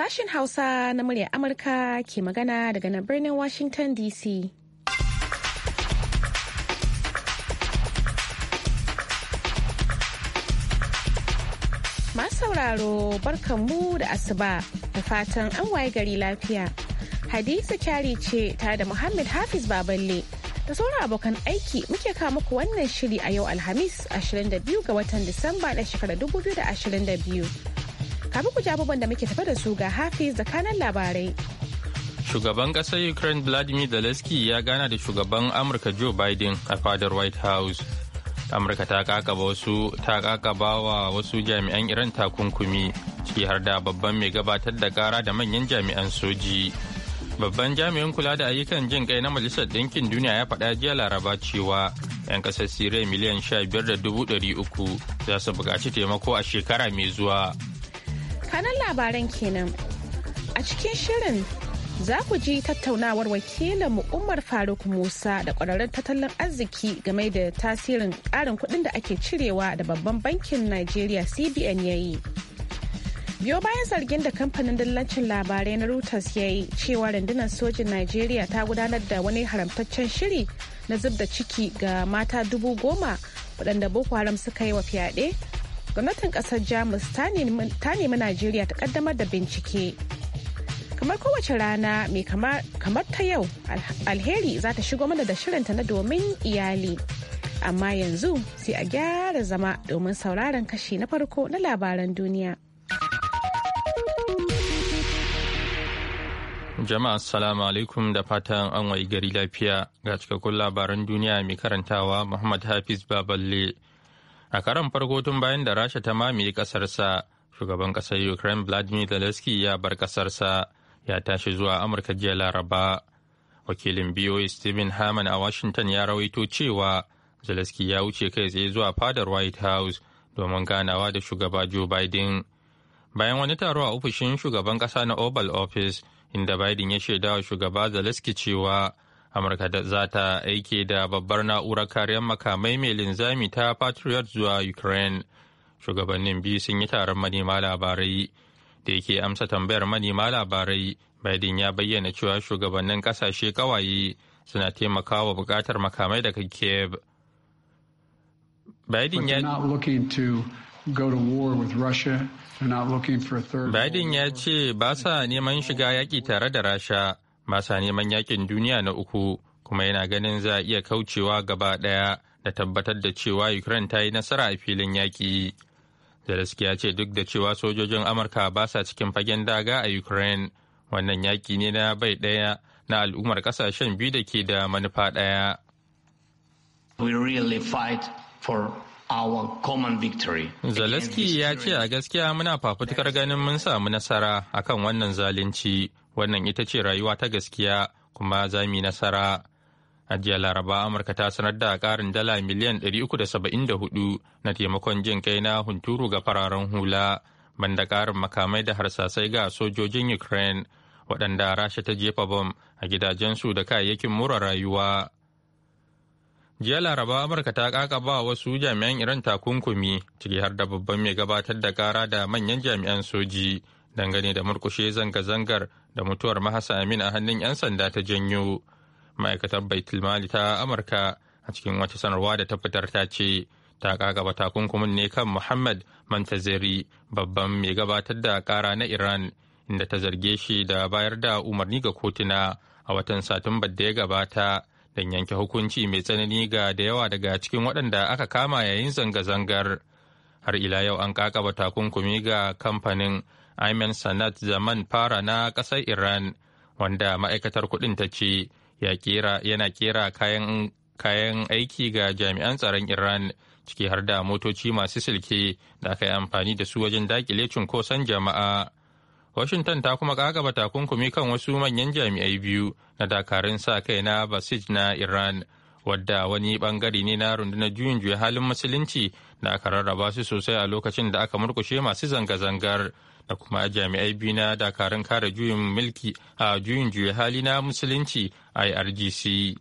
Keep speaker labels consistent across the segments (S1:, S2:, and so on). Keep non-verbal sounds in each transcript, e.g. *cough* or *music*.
S1: Sashen Hausa na murya Amurka ke magana daga nan birnin Washington DC. Masu sauraro barkanmu da asuba da fatan an waye gari lafiya. Hadiza kyari ce tare da Muhammad Hafiz Baballe. Da sauran abokan aiki muke kawo muku wannan shiri a yau Alhamis 22 ga watan Disamba na shekarar 2022. Kafin ku ji abubuwan da muke tafa da su ga Hafiz da labarai.
S2: Shugaban ƙasar Ukraine Vladimir Zelensky ya gana da shugaban Amurka Joe Biden a fadar White House. Amurka ta kakaba wasu ta kakaba wa wasu jami'an Iran takunkumi ciki har da babban mai gabatar da kara da manyan jami'an soji. Babban jami'in kula da ayyukan jin kai na Majalisar Ɗinkin Duniya ya faɗa jiya Laraba cewa 'yan ƙasar Siriya miliyan uku za su buƙaci taimako a shekara mai zuwa.
S1: kanan labaran kenan. A cikin shirin za ku ji tattaunawar wakilin Umar Faruk Musa da kwararren tattalin arziki game da tasirin karin kudin da ake cirewa da babban bankin nigeria CBN ya yi. Biyo bayan zargin da kamfanin dillancin labarai na Reuters ya yi cewa rundunar sojin nigeria ta gudanar da wani haramtaccen shiri na zub da ciki ga mata dubu goma waɗanda Boko Haram suka yi wa fyaɗe gwamnatin kasar jamus ta nemi najeriya ta kaddamar da bincike kamar kowace rana mai kamar ta yau alheri za ta shigo mana da shirinta na domin iyali amma yanzu sai a gyara zama domin sauraron kashi na farko na labaran duniya
S2: jama'a assalamu alaikum da fatan an wayi gari lafiya ga cikakkun labaran duniya mai karantawa muhammad hafiz baballe a karan farko tun bayan da rasha ta mamaye kasarsa shugaban kasar ukraine vladimir zelensky ya bar kasarsa ya tashi zuwa amurka jiya laraba wakilin boa stephen haman a washington ya rawaito cewa zelensky ya wuce kai tsaye zuwa fadar white house domin ganawa da shugaba joe biden bayan wani taro a ofishin shugaban kasa na oval office inda biden ya shaidawa shugaba zelensky cewa amurka za ta aike da babbar na'urar kariyar makamai mai linzami ta patriot zuwa ukraine shugabannin biyu sun yi taron manema labarai da yake amsa tambayar manema labarai biden ya bayyana cewa shugabannin kasashe kawaye suna taimakawa bukatar makamai daga kiev biden ya Biden ya ce ba sa neman shiga yaƙi tare da Rasha basa neman yakin duniya na uku kuma yana ganin za a iya kaucewa gaba ɗaya da tabbatar da cewa ukraine ta yi nasara a filin yaƙi zelensky ya ce duk da cewa sojojin amurka ba sa cikin fagen daga a ukraine wannan yaƙi ne na bai ɗaya na al'ummar ƙasashen biyu da ke da manufa ɗaya
S3: we Zaleski ya ce
S2: a gaskiya muna fafutukar ganin mun samu nasara akan wannan zalunci wannan ita ce rayuwa ta gaskiya kuma za mu yi nasara a jiya laraba amurka ta sanar da karin dala miliyan 374 na taimakon jin kai na hunturu ga fararen hula banda karin makamai da harsasai ga sojojin ukraine waɗanda rasha ta jefa bom a gidajensu da kayayyakin mura rayuwa jiya laraba amurka ta kakaba wasu jami'an iran takunkumi ciki har da babban mai gabatar da kara da manyan jami'an soji dangane da murkushe zanga-zangar da mutuwar mahasa amin a hannun 'yan sanda ta janyo ma'aikatar baitulmali ta amurka a cikin wata sanarwa da ta fitar ta ce ta kagaba takunkumin ne kan muhammad mantaziri babban mai gabatar da kara na iran inda ta zarge shi da bayar da umarni ga kotuna a watan satumbar da ya gabata don yanke hukunci mai tsanani ga da yawa daga cikin waɗanda aka kama yayin zanga-zangar har ila yau an kakaba takunkumi ga kamfanin Ayman Sanat Zaman Fara na ƙasar Iran, wanda ma'aikatar kuɗin ta ce yana kera kayan, kayan aiki ga jami'an tsaron Iran, ciki har da motoci masu silke da aka yi amfani da su wajen dakile cunkoson jama'a. Washington ta kuma kagaba takunkumi kan wasu manyan jami'ai biyu na dakarun sa kai na Basij na Iran. wadda wani bangare ne na rundunar juyin juya halin musulunci da aka rarraba su sosai a lokacin da aka murkushe masu zanga-zangar da kuma jami'ai biyu na dakarun kare juyin mulki a juyin juya hali na musulunci irgc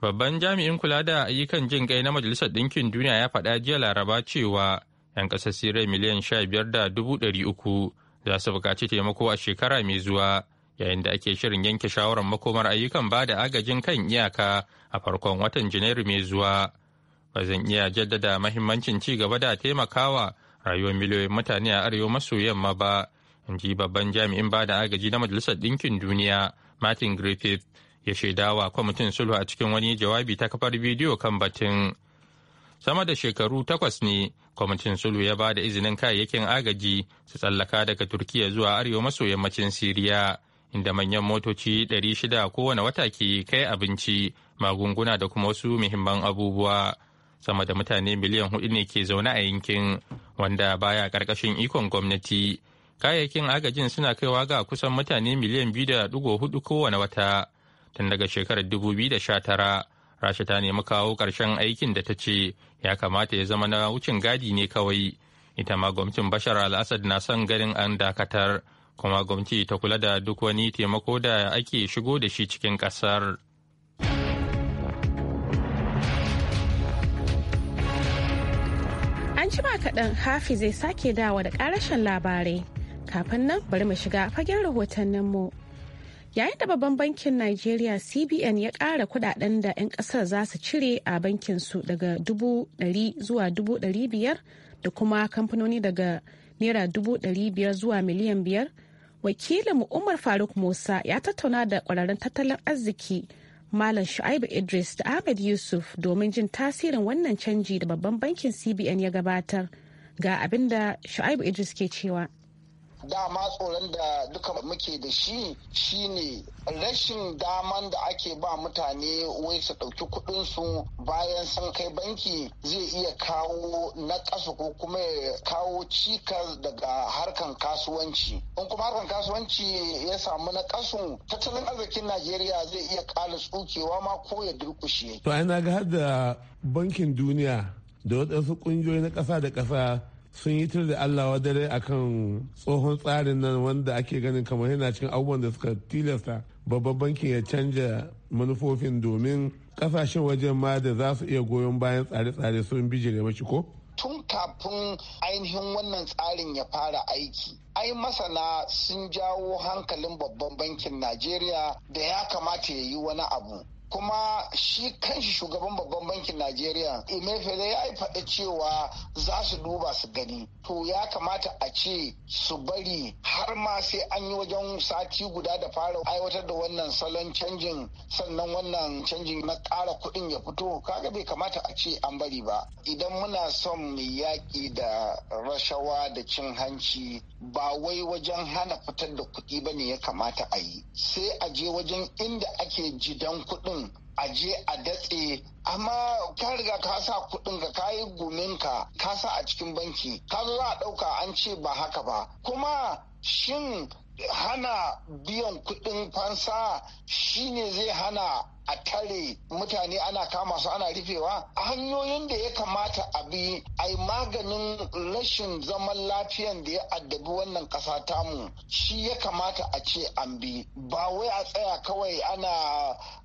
S2: babban jami'in kula da ayyukan jin kai na majalisar ɗinkin duniya ya faɗa jiya laraba cewa 'yan ƙasar sirai miliyan sha biyar da dubu ɗari uku za su buƙaci taimako a shekara mai zuwa yayin da ake shirin yanke shawarar makomar ayyukan ba da agajin kan iyaka a farkon watan janairu mai zuwa ba zan iya jaddada mahimmancin ci gaba da taimakawa rayuwar miliyoyin mutane a arewa maso yamma ba in ji babban jami'in ba da agaji na majalisar ɗinkin duniya martin griffith ya shaidawa kwamitin sulhu a cikin wani jawabi ta kafar bidiyo kan batun sama da shekaru takwas ne kwamitin sulhu ya ba da izinin kayayyakin agaji su tsallaka daga turkiya zuwa arewa maso yammacin siriya inda manyan motoci 600 kowane wata ke kai abinci magunguna da kuma wasu muhimman abubuwa sama da mutane miliyan hudu ne ke zaune a yankin wanda baya karkashin ikon gwamnati kayayyakin agajin suna kaiwa ga kusan mutane miliyan biyu da dugo hudu kowane wata tun daga shekarar da 2019 rasha ta nemi kawo karshen aikin da ta ce ya kamata ya zama na wucin gadi ne kawai ita ma gwamnatin bashar al na son ganin an dakatar kuma gwamnati ta kula da duk wani taimako da ake shigo da shi cikin kasar.
S1: An ci ma kaɗan hafi zai sake dawa da ƙarashin labarai. Kafin nan bari mu shiga fagen rahotanninmu. Yayin da babban bankin Najeriya CBN ya ƙara kudaden da 'yan ƙasar za su cire a bankin su daga dubu ɗari zuwa dubu ɗari biyar da kuma kamfanoni daga naira dubu ɗari biyar zuwa miliyan biyar wakilin umar faruk musa ya tattauna da kwararren tattalin arziki malam shu'aibu idris da ahmed yusuf domin jin tasirin wannan canji da babban bankin cbn ya gabatar ga abin da shu'aibu idris ke cewa
S4: dama tsoron da duka muke da shi shine rashin daman da ake ba mutane wai su ɗauki kuɗin bayan sun kai banki zai iya kawo na ƙasa ko kuma kawo cikas daga harkan kasuwanci in kuma harkan kasuwanci ya samu na tattalin arzikin najeriya zai iya ƙara tsukewa ma ko ya durkushe
S5: to ai na ga da bankin duniya da waɗansu ƙungiyoyi na ƙasa da ƙasa sun yi tir da Allah dare akan tsohon tsarin nan wanda ake ganin kamar yana cikin abubuwan da suka tilasta babban bankin ya canja manufofin domin kasashen wajen ma da za su iya goyon bayan tsare-tsare sun bijire mashi ko?
S4: Tun kafin ainihin wannan tsarin ya fara aiki, ai masana sun jawo hankalin babban bankin Najeriya da ya kamata ya yi wani abu. kuma shi kanshi shugaban babban bankin najeriya imefele ya yi faɗa cewa za su duba su gani to ya kamata a ce su bari har ma sai an yi wajen sati guda da fara aiwatar da wannan salon canjin sannan wannan canjin na ƙara kuɗin ya fito kaga bai kamata a ce an bari ba idan muna son mu yaƙi da rashawa da cin hanci ba wai wajen hana fitar da kuɗi ba ne ya kamata a yi sai a je wajen inda ake jidan kuɗin kuɗin a je a datse amma ka riga ka sa kuɗin ka kayi gumin ka ka sa a cikin banki ka zo za a ɗauka an ce ba haka ba kuma shin hana biyan kuɗin fansa shine zai hana a tare mutane ana kama su ana rufewa hanyoyin da ya kamata a bi a yi maganin rashin zaman lafiyan da ya addabi wannan ƙasa tamu shi ya kamata a ce an bi ba wai a tsaya kawai ana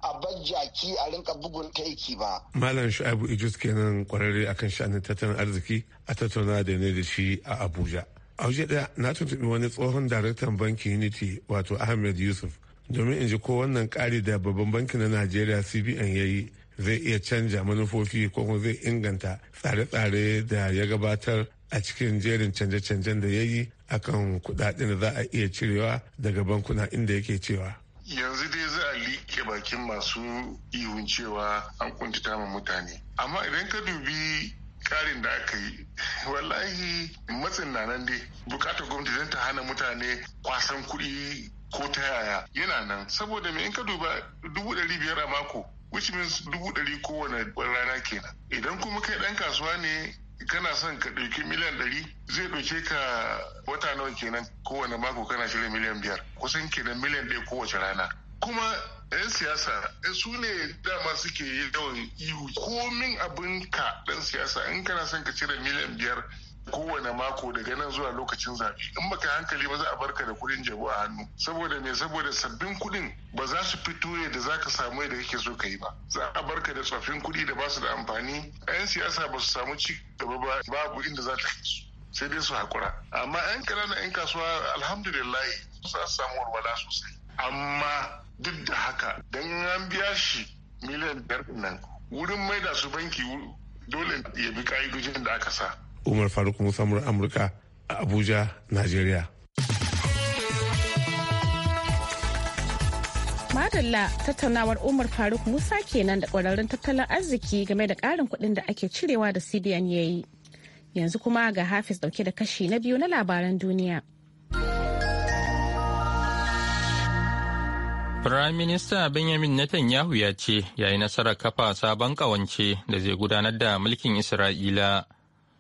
S4: a jaki a rinka bugun taiki ba.
S5: Malam Shu'abu Idris kenan kwararre akan sha'anin tattalin arziki a tattauna da ne da shi a Abuja. auje daya na tuntuɓi wani tsohon daraktan banki unity wato ahmed yusuf domin in ji ko wannan ƙari da babban banki na najeriya cbn ya yi zai iya canja manufofi ko kuma zai inganta tsare-tsare da ya gabatar a cikin jerin canje-canjen da ya yi akan kudaden da za a iya cirewa daga bankuna inda yake cewa
S6: yanzu dai za a liƙe bakin masu ihun cewa an kuntata ma mutane amma idan ka dubi tsarin da aka yi wallahi matsin na nan dai bukatar gwamnati don ta hana mutane kwasan kuɗi ko ta yaya yana nan saboda me in ka duba dubu ɗari biyar a mako which means dubu ɗari kowane rana kenan idan kuma kai ɗan kasuwa ne kana son ka ɗauki miliyan ɗari zai ɗauke ka wata nawa kenan kowane mako kana shirin miliyan biyar kusan kenan miliyan ɗaya kowace rana kuma 'yan siyasa eh, su ne dama suke yawan ihu komin abin ka ɗan siyasa in kana son ka cire miliyan biyar kowane mako daga nan zuwa lokacin zaɓe in baka hankali ba za a barka da kuɗin jabu a hannu saboda me saboda sabbin kuɗin ba za su fito yadda za ka samu yadda kake so ka yi ba za a barka da tsoffin kuɗi da ba su da amfani 'yan siyasa ba su samu ci gaba ba babu inda za ta kai su sai dai su haƙura amma 'yan ƙananan 'yan kasuwa alhamdulillahi su samu walwala sosai amma duk da haka don an biya shi miliyan biyar nan wurin maida su banki dole ya bi ka'idojin da aka sa
S5: umar faruk musamman amurka a abuja nigeria
S1: Madalla tattaunawar Umar Faruk Musa kenan da kwararrun tattalin arziki game da ƙarin kuɗin da ake cirewa da CBN ya yi. Yanzu kuma ga Hafiz dauke da kashi na biyu na labaran duniya.
S2: Firayim Minista Benjamin Netanyahu ya ce ya yi nasarar kafa sabon ƙawance da zai gudanar da mulkin Isra'ila.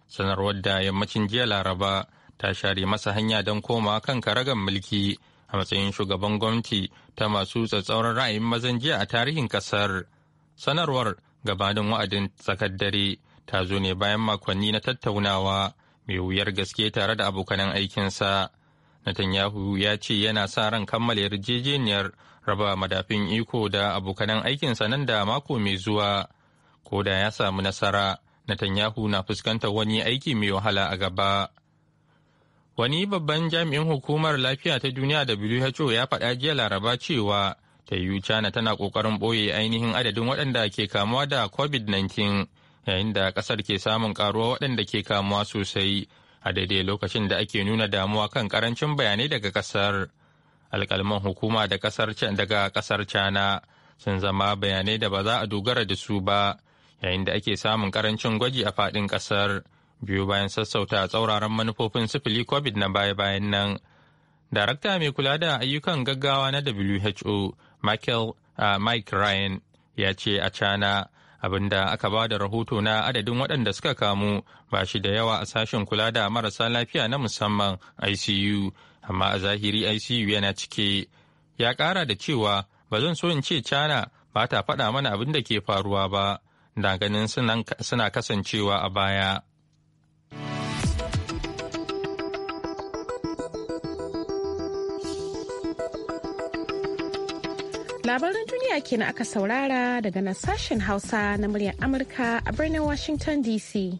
S2: Sanarwar da yammacin jiya Laraba ta share masa hanya don koma kan karagan mulki a matsayin shugaban gwamnati ta masu tsatsauran ra'ayin mazan jiya a tarihin ƙasar Sanarwar gabanin wa'adin tsakar dare ta zo ne bayan makonni na tattaunawa mai wuyar gaske tare da abokanan aikinsa. Netanyahu ya ce yana sa ran kammala yarjejeniyar raba madafin iko da abokanan aikinsa nan da mako mai zuwa ko da ya samu nasara Netanyahu na fuskantar wani aiki mai wahala a gaba. Wani babban jami'in hukumar lafiya ta duniya WHO ya faɗa jiya laraba cewa ta yiwu China tana ƙoƙarin ɓoye ainihin adadin waɗanda ke kamuwa da COVID-19 yayin da ƙasar ke samun ƙaruwa waɗanda ke kamuwa sosai a daidai lokacin da ake nuna damuwa kan ƙarancin bayanai daga ƙasar. alkalman hukuma da kasar daga kasar cana sun zama bayanai da ba za a dogara da su ba yayin da ake samun karancin gwaji a faɗin ƙasar biyu bayan sassauta tsauraran manufofin sifili covid na baya-bayan nan darakta mai kula da ayyukan gaggawa na who michael uh, mike ryan ya ce a cana abinda aka ba da rahoto na adadin waɗanda suka kamu ba shi da yawa a sashen kula da marasa lafiya na musamman icu amma a zahiri ICU yana cike ya ƙara da cewa ba zan so in ce China ba ta faɗa mana abin da ke faruwa ba da ganin suna kasancewa a baya.
S1: labarin duniya kenan aka saurara daga nan sashen Hausa na muryar Amurka a birnin Washington DC.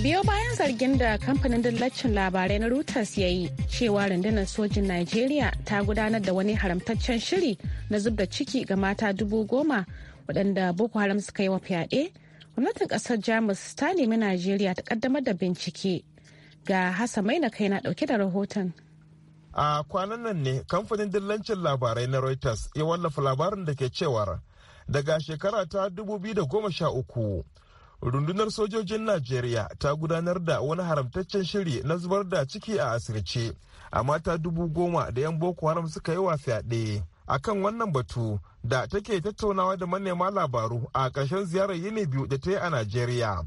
S1: biyo bayan zargin da kamfanin dillacin labarai na reuters ya yi cewa rundunar sojin najeriya ta gudanar da wani haramtaccen shiri na zub da ciki ga mata dubu goma waɗanda boko haram suka yi wa fyaɗe gwamnatin ƙasar jamus ta nemi najeriya ta ƙaddamar da bincike ga hasa mai na kai na ɗauke da rahoton
S7: a kwanan nan ne kamfanin dillancin labarai na reuters ya wallafa labarin da ke cewa daga shekara ta 2013 rundunar sojojin najeriya ta gudanar da wani haramtaccen shiri na zubar da ciki a asirce a mata dubu goma da yan boko haram suka yi wa fyaɗe akan wannan batu da take tattaunawa da manema labaru a ƙarshen ziyarar yini biyu da ta yi a najeriya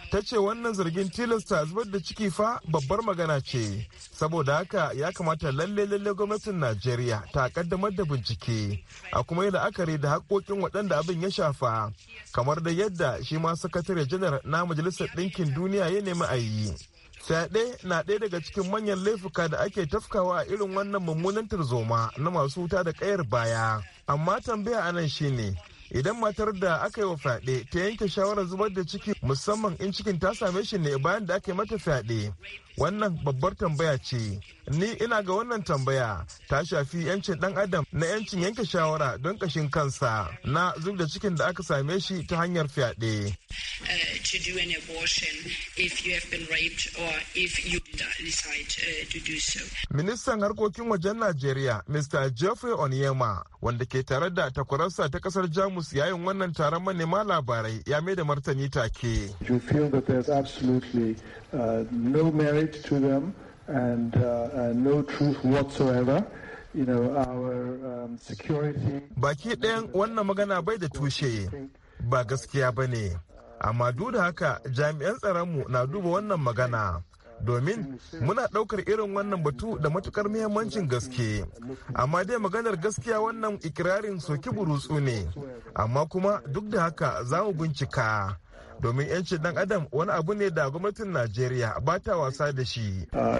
S7: ta ce wannan zargin tilasta zubar da ciki fa babbar magana ce saboda haka ya kamata lalle lalle gwamnatin najeriya ta kaddamar da bincike a kuma yi la'akari da haƙoƙin waɗanda abin ya shafa kamar da yadda shi ma sakatare janar na majalisar ɗinkin duniya ya nemi a yi fyaɗe na ɗaya daga cikin manyan laifuka da ake tafkawa a irin wannan mummunan tarzoma na masu wuta da ƙayar baya amma tambaya anan shine idan matar da aka yi wa fyaɗe ta yanke shawarar zubar da ciki musamman in cikin ta same shi ne bayan da aka yi mata fyaɗe wannan babbar tambaya ce ni ina ga wannan tambaya ta shafi yancin dan adam na yancin yanke shawara don kashin kansa na zub da cikin da aka same shi ta hanyar fyaɗe uh, ministan harkokin wajen najeriya mr geoffrey onyema wanda ke tare da takwararsa ta kasar jamus yayin wannan taron manema labarai ya mai da martani take uh, no merit to them and, and uh, uh, no truth whatsoever. You know, our um, security. Baki ɗayan wannan magana bai da tushe ba gaskiya ba ne, amma duk da haka jami'an tsaronmu na duba wannan magana. domin muna ɗaukar irin wannan batu da matukar muhimmancin gaske amma dai maganar gaskiya wannan ikirarin soki burutsu ne amma kuma duk da haka za mu bincika domin 'yancin dan adam wani abu ne da gwamnatin najeriya ba ta wasa da shi uh,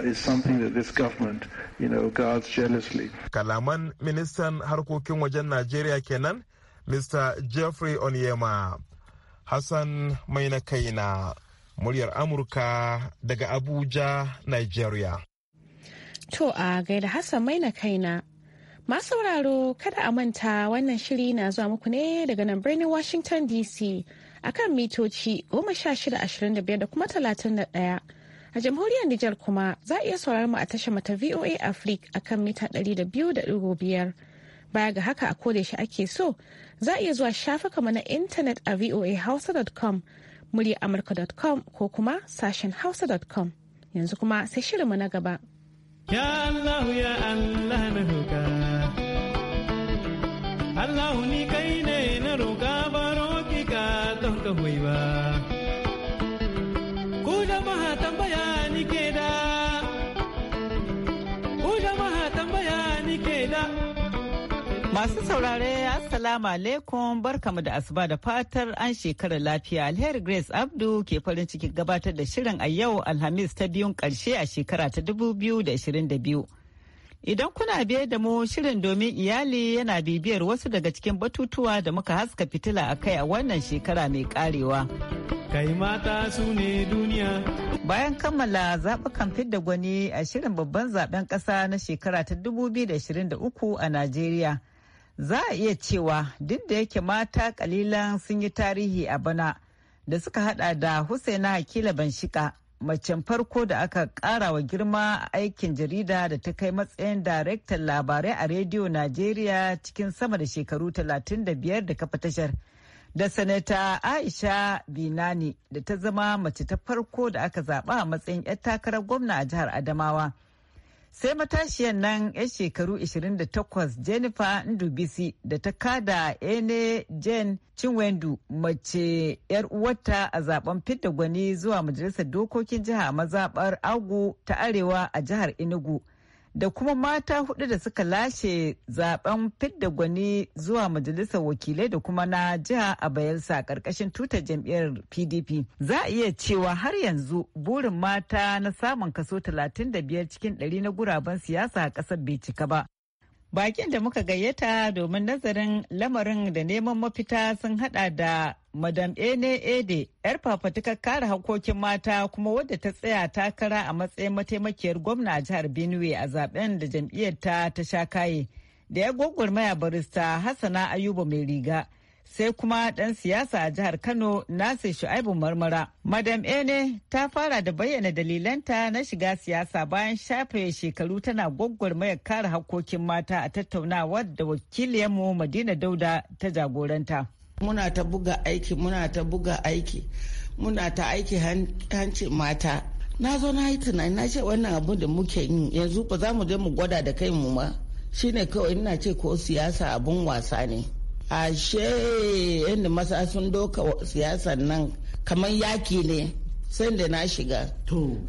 S7: kalaman ministan harkokin wajen najeriya kenan mr jeffrey onyema hassan mai na kaina muryar amurka daga abuja nigeria
S1: to a gaida hassan mai na kaina masu sauraro kada a manta wannan shiri na zuwa muku ne daga nan birnin washington dc akan mitoci 1625 da kuma 31. A jamhuriyar Nijar kuma za a iya saurar mu a tashar mata VOA Africa akan mita 200.5. Baya ga haka a kodayaushe ake so za a iya zuwa mu na intanet a voahausa.com, amurka.com ko kuma sashen hausa.com. Yanzu kuma sai shirinmu na gaba.
S7: Ya na Allah ni kai ne na roƙa ba ba. Ku jama'a tambaya da,
S8: Masu saurare Assalamu alaikum barkamu da asuba da fatar an shekarar lafiya alheri Grace Abdu ke farin cikin gabatar da shirin a yau Alhamis ta biyun karshe a shekara ta 2022. Idan kuna biye da mu shirin domin iyali yana bibiyar wasu daga cikin batutuwa da muka haska fitila a kai a wannan shekara mai karewa. Kai mata su ne duniya. Bayan kammala zaɓukan fidda gwani a shirin babban zaɓen ƙasa na shekara ta 2023 a Najeriya. Za a iya cewa duk da yake mata kalilan sun yi tarihi a bana da suka haɗa da hussaina Hakila Banshika macen farko da aka kara wa girma aikin jarida da ta kai matsayin daraktan labarai a rediyo najeriya cikin sama da shekaru 35 da kafa tashar da sanata aisha binani da ta zama mace ta farko da aka zaba a matsayin 'yar takarar gwamna a jihar adamawa. sai matashiyan nan 'yan shekaru 28 jennifer ndubisi da ta kada ene jen chinwendu mace 'yar uwarta a zaben fidda gwani zuwa majalisar dokokin jiha mazabar agu ta arewa a jihar enugu da kuma mata hudu da suka lashe zaben fidda gwani zuwa majalisar wakilai da kuma na jiha a bayelsa karkashin tuta jam'iyyar pdp za a iya cewa har yanzu burin mata na samun kaso 35 cikin 100 na guraben siyasa a kasar bai cika ba bakin da muka gayyata domin nazarin lamarin da neman mafita sun hada da Madam Ene Ede, 'yar fafatukar kare hakokin mata kuma wadda ta tsaya takara a matsayin mataimakiyar gwamna a jihar Benue a zaben da jam'iyyar ta ta sha kaye. Da ya gwagwarmaya barista Hassana Ayuba mai riga. Sai kuma dan siyasa a jihar Kano nasi Shu'aibu Marmara. Madam Ene ta fara da bayyana dalilanta na shiga siyasa bayan shafe shekaru tana gwagwarmayar kare hakokin mata a tattaunawar
S9: da wakiliyarmu Madina Dauda ta jagoranta. muna ta buga aiki muna ta buga aiki muna ta aiki hanci mata na zo na yi tunani na ce wannan abu da muke yi yanzu ba za mu je mu gwada da kai mu ma shine kawai ina ce ko siyasa abun wasa ne ashe yadda masa sun doka siyasan nan kamar yaki ne sai da na shiga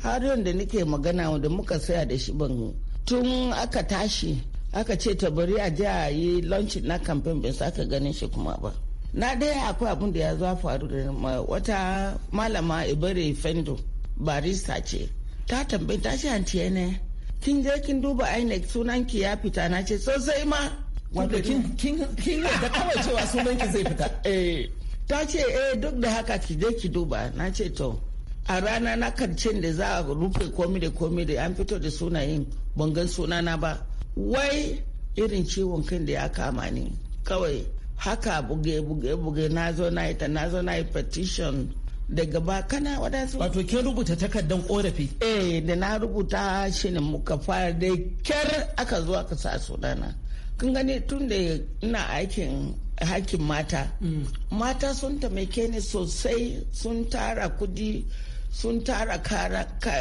S9: har yadda nake magana da muka saya da shi ban tun aka tashi aka ce ta bari a je a yi launching na kamfen bin saka ganin shi kuma ba na ɗaya akwai abin da ya zo faru da wata malama ibere fendo barista ce ta tambayi ta ce hantiye ne kin je kin duba inec sunan ki ya fita na ce sosai ma wato kin da kawai cewa sunan ki zai fita *laughs* eh ta ce eh duk da haka ki je ki duba na ce to a rana na karshen da za a rufe komi da komi da an fito da sunayen ban gan sunana ba wai irin ciwon kan da ya kama ni kawai haka buge-buge-buge na zo na yi ta na zo na yi petition daga ba kana wadansu wato kin rubuta takardan korafi eh da na rubuta shi ne muka fara da kyar aka zo aka sa sunana kun gani tun da ina aikin hakin mata mm. mata sun taimake ni sosai sun tara kudi sun tara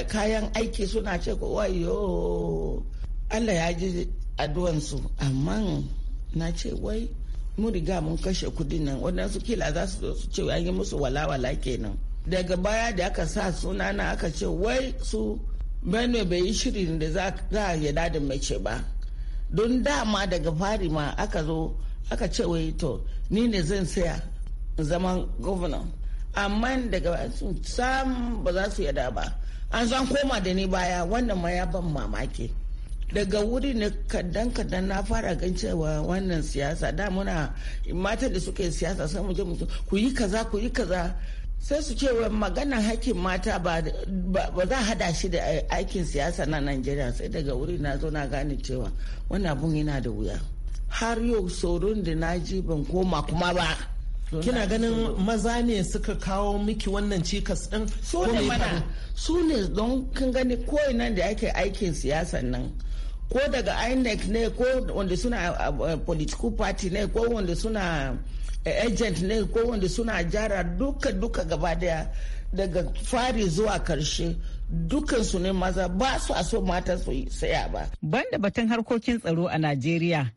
S9: kayan aiki suna ce ko wayo Allah ya ji addu'ansu amma na ce wai mun riga mun kashe kudin nan waɗansu kila za su ce an yi musu walawala kenan daga baya da aka sa suna na aka ce wai su benue bai yi shirin da za a yada da mace ba don dama daga fari ma aka zo aka ce wai to ni ne zan saya zaman gwamnan amma daga sam ba za su yada ba an zan koma da ni baya wannan ma ya ban mamaki daga wuri ne kadan kadan na fara gan cewa wannan siyasa da muna mata da suke siyasa sai mu je mu ku yi kaza ku yi kaza sai su ce wa maganan hakkin mata ba za hada shi da aikin siyasa na Najeriya sai daga wuri na zo na gane cewa wannan abun yana da wuya har yau tsoron da na ji ban koma kuma ba kina ganin maza ne suka kawo miki wannan cikas din su ne mana su ne don kin gani koyi nan da ake aikin siyasa nan ko daga inec ne ko wanda suna political party ne ko wanda suna agent ne ko wanda suna jara duka duka gaba daya daga fari zuwa karshe dukansu ne maza ba su a so mata su saya ba banda batun harkokin tsaro a najeriya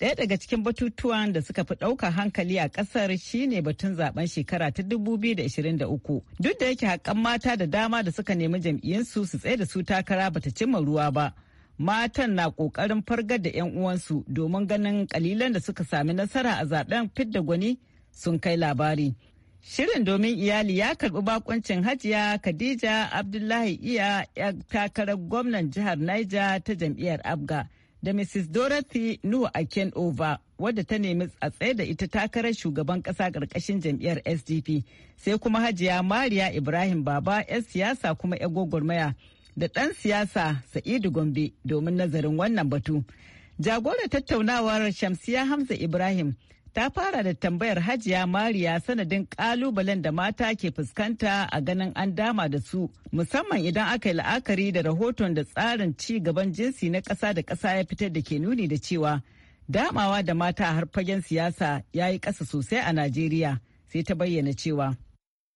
S8: Daya daga cikin batutuwan da suka fi ɗauka hankali a ƙasar shine batun zaben shekara ta 2023. Duk da yake haƙƙan mata da dama da suka nemi jam'iyyinsu su tsaye da su takara bata cimma ruwa ba. matan na kokarin fargar da 'yan uwansu domin ganin kalilan da suka sami nasara a zaben fidda gwani sun kai labari. Shirin domin iyali ya karbi bakuncin hajiya Khadija Abdullahi Iya ya takarar gwamnan jihar Niger ta jam'iyyar Abga da Mrs. Dorothy Nuhu Aken Over wadda ta nemi a tsaye da ita takarar shugaban kasa karkashin jam'iyyar SDP sai kuma hajiya Mariya Ibrahim Baba 'yan siyasa kuma 'yan gwagwarmaya da ɗan siyasa Sa'idu Gombe domin nazarin wannan batu. Jagorar tattaunawar Shamsiya Hamza Ibrahim ta fara da tambayar Hajiya Mariya sanadin kalubalen da mata ke fuskanta a ganin an dama da su musamman idan aka yi la'akari da rahoton da tsarin ci gaban jinsi na ƙasa da ƙasa ya fitar da ke nuni da cewa damawa da mata har fagen siyasa ya yi ƙasa sosai a Najeriya sai ta bayyana cewa.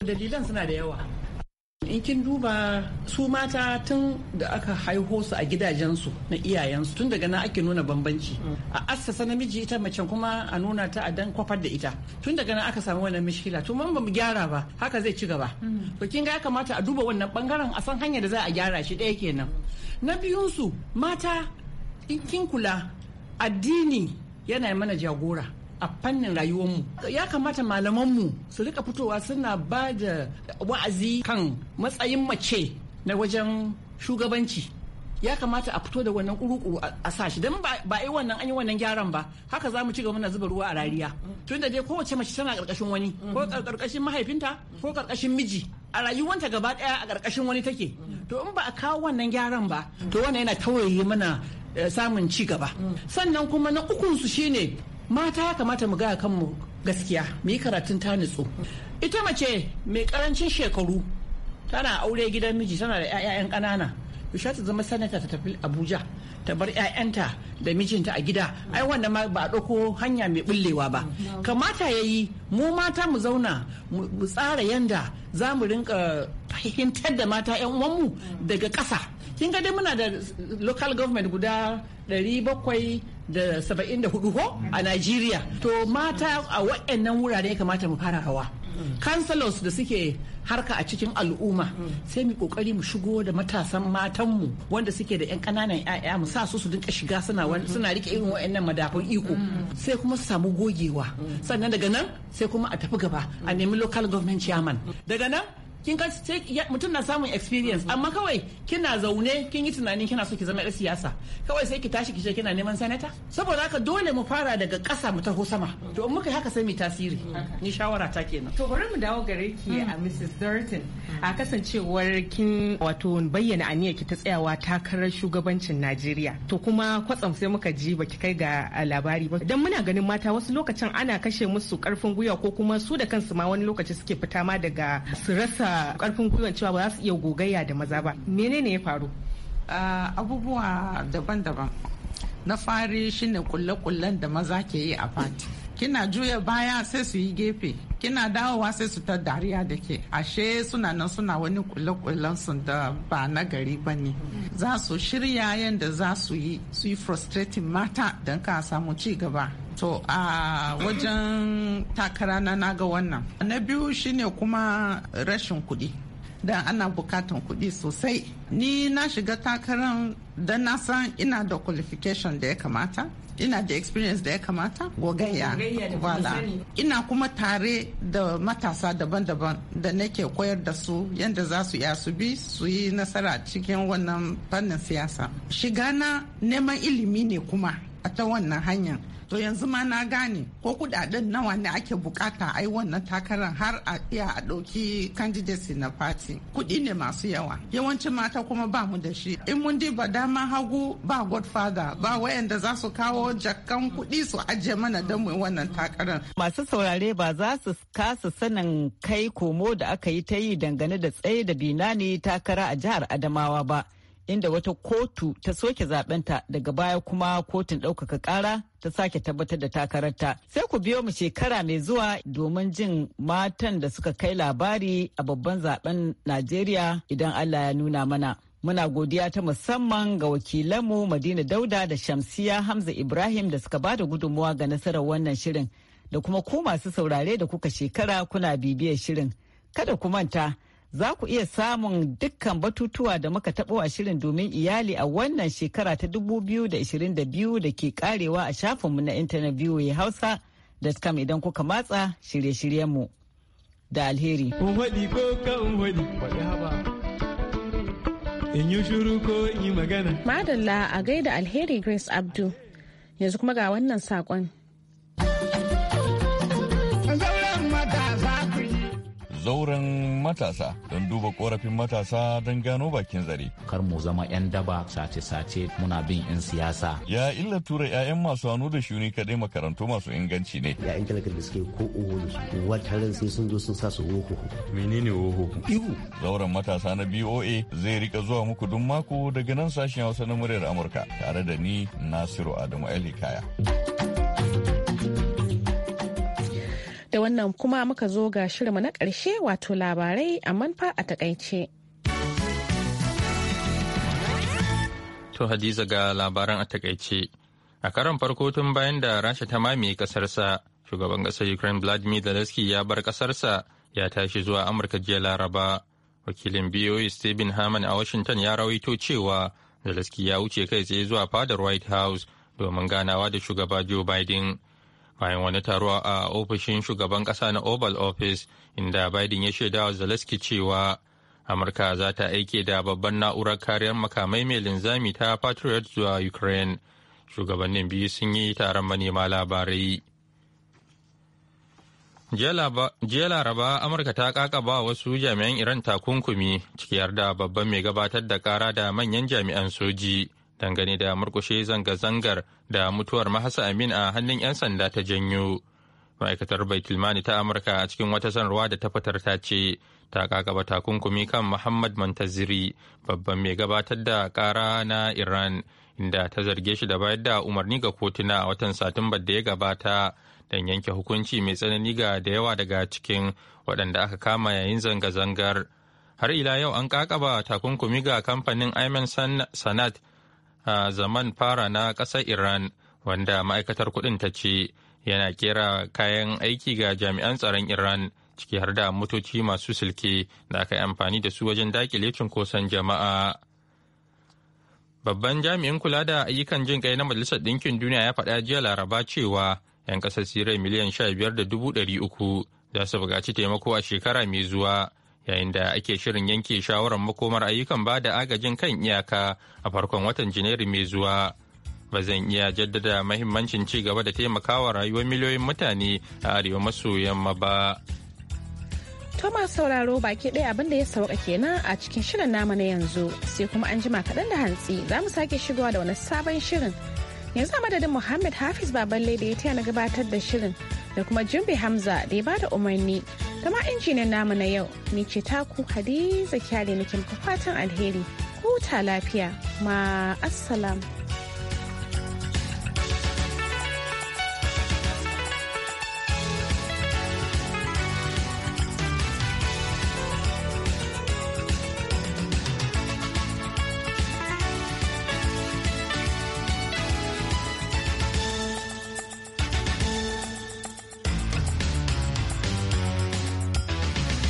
S3: Dalilan suna da yawa. in kin duba su mata tun da aka haiho su a gidajensu na iyayensu tun daga na ake nuna bambanci a assasa namiji ita mace kuma a nuna ta a dan kwafar da ita tun daga na aka samu wannan mishkila tun ba mu gyara ba haka zai ci gaba to kin ga ya kamata a duba wannan bangaren a san hanyar da za a gyara shi daya kenan na biyun su mata in kin kula addini yana mana jagora a fannin rayuwarmu ya kamata malamanmu su rika fitowa suna ba da wa'azi kan matsayin mace na wajen shugabanci ya kamata a fito da wannan kuru-kuru a sashi don ba yi wannan an yi wannan gyaran ba haka za mu ci gaba na zuba ruwa a rariya tun da dai kowace mace tana karkashin wani ko karkashin mahaifinta ko karkashin miji a rayuwanta gaba daya a karkashin wani take to in ba a kawo wannan gyaran ba to wannan yana tawaye mana eh, samun ci gaba sannan kuma na ukunsu shine mata ya kamata mu gaya kanmu gaskiya mu yi karatun ta nutsu ita mace mai karancin shekaru tana aure gidan miji tana da 'ya'yan ƙanana yaushe ta zama sanata ta tafi abuja ta bar 'ya'yanta da mijinta a gida ai wanda ma ba a ɗauko hanya mai bullewa ba kamata ya yi mu mata mu zauna mu tsara yanda za mu rinka fahimtar da mata 'yan uwanmu daga ƙasa kin ga dai muna da local government guda 700 da saba'in da hudu ko a Najeriya. To mata a wa'annan wurare ya kamata mu fara rawa. Councilors da suke harka a cikin al'umma sai mu kokari mu shigo da matasan matan mu wanda suke da 'yan ƙananan 'ya'ya mu sa su su dinka shiga suna suna rike irin wa'annan madafun iko sai kuma su samu gogewa sannan daga nan sai kuma a tafi gaba a nemi local government chairman daga nan kin ga mutum na samun experience mhm. amma kawai kina zaune kin yi tunanin kina so ki zama 'yar siyasa kawai sai ki tashi ki kina neman sanata saboda haka dole mu fara daga kasa mu taho sama to in muka haka sai mu tasiri ni shawara ta kenan to bari mu dawo gare ki a Mrs. Mm. Durton mm. a kasancewar kin wato bayyana aniyar ki ta
S8: tsayawa takarar shugabancin Najeriya to kuma kwatsam sai muka ji baki kai ga labari ba dan muna ganin mata wasu lokacin ana kashe musu karfin gwiwa ko kuma su da kansu ma wani lokaci suke fita ma daga su rasa karfin gwiwan cewa ba za su iya gogayya da maza ba menene ya faru
S10: abubuwa daban-daban na fari shine kulle-kullen da maza ke yi a fati kina juya baya sai su yi gefe kina dawowa sai su ta dariya da ke ashe suna nan suna wani kulle-kullen su da ba na gari ba ne za su shirya yadda za su yi su yi frustrating mata don ka samu ci gaba To a wajen takara na naga wannan. Na biyu shine kuma rashin kuɗi. Dan ana bukatan kuɗi sosai. Ni na shiga takaran da na san ina da qualification da ya kamata. Ina da experience da ya kamata gogayya wala. Ina kuma tare da matasa daban-daban da nake koyar da su yadda za su iya su bi su yi nasara cikin wannan fannin siyasa. Shiga na neman ilimi ne kuma. a ta wannan hanyar to yanzu ma na gane ko kudaden nawa ne ake bukata ai wannan takarar har a iya a ɗauki candidacy na party kudi ne masu yawa yawancin mata kuma ba mu da shi in mun diba dama hagu ba godfather ba wayanda za su kawo jakan kudi su ajiye mana don mu wannan takarar masu saurare ba za su kasa sanin kai
S8: komo da aka yi ta yi dangane da tsaye da binani takara a jihar adamawa ba inda wata kotu ta soke zabenta daga baya kuma kotun ɗaukaka ƙara ta sake tabbatar da takararta. Sai ku biyo mu shekara mai zuwa domin jin matan da suka kai labari a babban zaben Najeriya idan Allah ya nuna mana. Muna godiya ta musamman ga wakilanmu Madina Dauda da Shamsiya Hamza Ibrahim da suka bada gudunmuwa ga nasarar wannan shirin da kuma ku masu saurare da kuka shekara kuna bibiyar shirin. Kada ku manta. za ku iya samun dukkan batutuwa da muka taɓo a shirin domin iyali a wannan shekara ta 2022 da ke karewa a shafinmu na intanet voa hausa.com idan kuka matsa shirye-shiryenmu da alheri.
S7: In yi shuru ko in yi magana.
S1: Madalla a gaida alheri Grace Abdu. Yanzu kuma ga wannan saƙon.
S7: zauren matasa don duba korafin matasa don gano bakin zare. Kar mu zama 'yan daba sace-sace muna bin 'yan siyasa. Ya illa tura 'ya'yan masu hannu da shuni kaɗai makarantu masu inganci ne. 'Ya'yan talakar da suke ko oho da su sai sun zo sun sa su woho. Menene woho? Ihu. Zauren matasa na BOA zai rika zuwa muku duk mako daga nan sashen Hausa na muryar Amurka tare da ni Nasiru Adamu alikaya Kaya.
S1: da wannan kuma muka zo ga shirinmu na ƙarshe wato labarai a manfa a takaice.
S2: To Hadiza ga labaran a takaice. A karon farko tun bayan da Rasha ta mamaye kasarsa, shugaban ƙasar Ukraine Vladimir Zelensky ya bar ƙasarsa ya tashi zuwa Amurka jiya Laraba. Wakilin BOA Stephen Haman a Washington ya rawaito cewa Zelensky ya wuce kai tsaye zuwa fadar White House domin ganawa da shugaba Joe Biden. bayan wani taro a ofishin shugaban kasa na oval office inda biden ya shaida wa zelensky cewa amurka za ta aike da babban na'urar kariyar makamai mai linzami ta patriot zuwa ukraine shugabannin biyu sun yi taron manema labarai jiya laraba amurka ta kakaba wasu jami'an iran takunkumi ciki da babban mai gabatar da kara da manyan jami'an soji dangane da murkushe zanga-zangar da mutuwar mahasa amin a hannun 'yan sanda ta janyo ma'aikatar baitulmani ta amurka a cikin wata sanarwa da ta fitar ta ce ta kakaba takunkumi kan muhammad mantaziri babban mai gabatar da kara na iran inda ta zarge shi da bayar da umarni ga kotuna a watan satumbar da ya gabata don yanke hukunci mai tsanani ga da yawa daga cikin waɗanda aka kama yayin zanga-zangar har ila yau an kakaba takunkumi ga kamfanin iman sanat a zaman fara na ƙasar Iran wanda ma'aikatar kuɗin ta ce yana kera kayan aiki ga jami'an tsaron Iran ciki har da motoci masu silke da aka yi amfani da su wajen dakile cunkoson jama'a. Babban jami'in kula da ayyukan jin kai na Majalisar Ɗinkin Duniya ya faɗa jiya Laraba cewa 'yan ƙasar Sirai miliyan sha biyar da dubu ɗari uku za su buƙaci taimako a shekara mai zuwa yayin da ake shirin yanke shawarar makomar ayyukan ba da agajin kan iyaka a farkon watan janairu mai zuwa ba zan iya jaddada mahimmancin ci gaba da taimakawa rayuwar miliyoyin mutane a arewa maso yamma ba
S1: Thomas sauraro baki ɗaya abin da ya sauka kenan a cikin shirin nama na yanzu sai kuma an jima kaɗan da hantsi za mu sake shigowa da wani sabon shirin yanzu a madadin muhammad hafiz baballe da ya taya na gabatar da shirin da kuma jumbe hamza da ya bada umarni da ma injinan namu na yau ni ce taku hadiza kyale nake fatan alheri huta lafiya ma